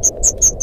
Thank you.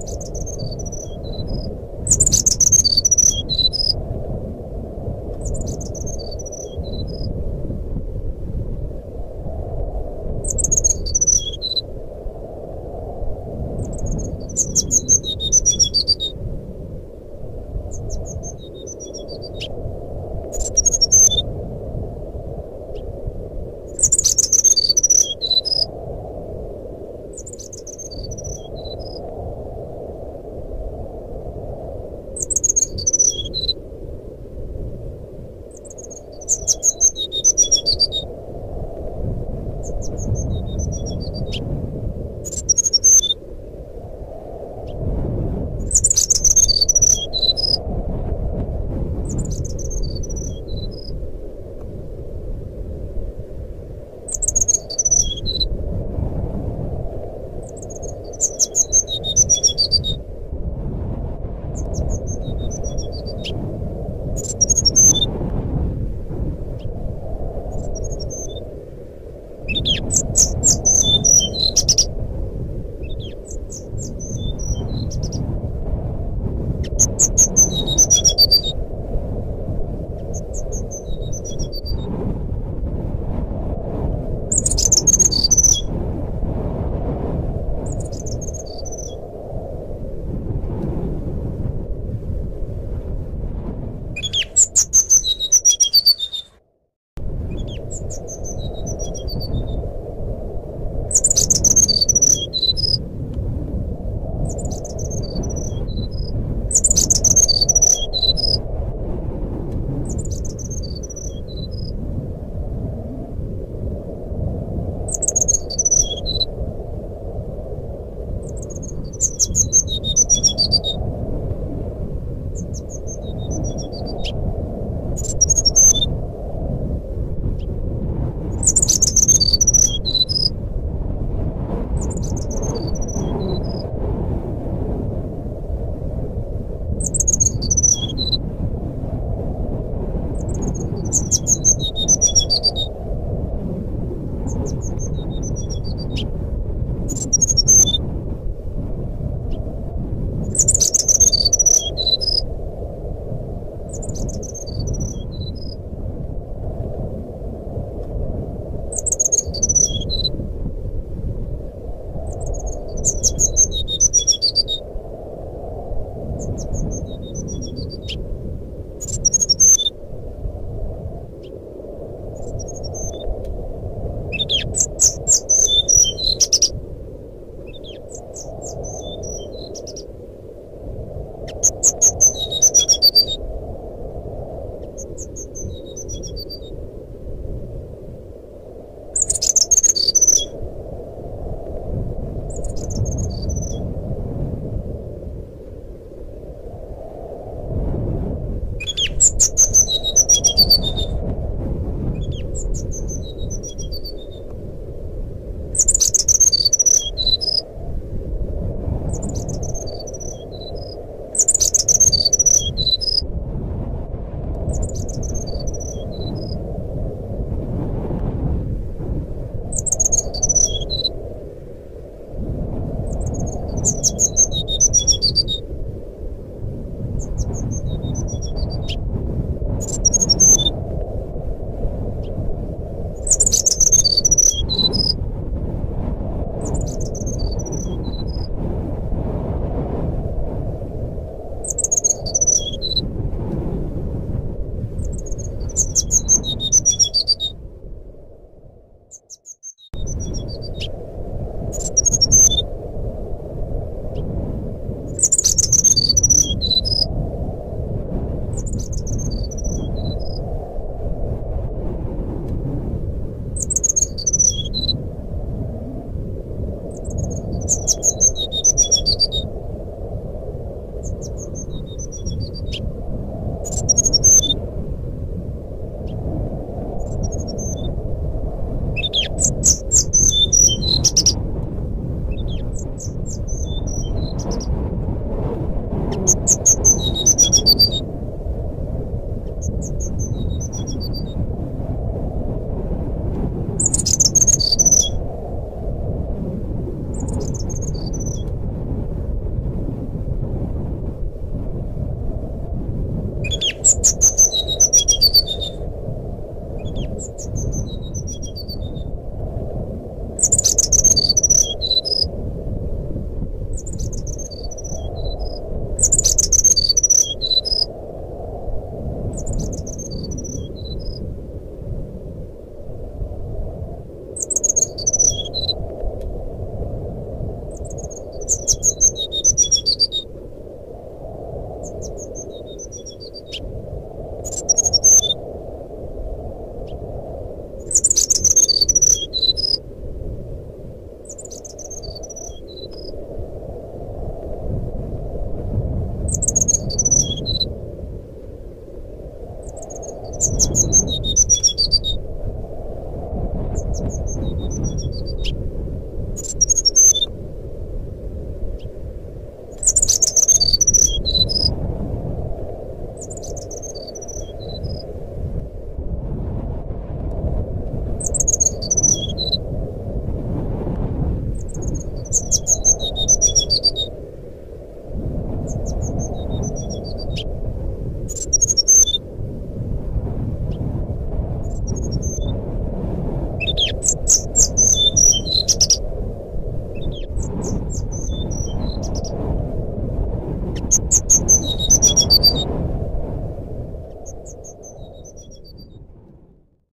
you Thank you. Thank you. Thank you. you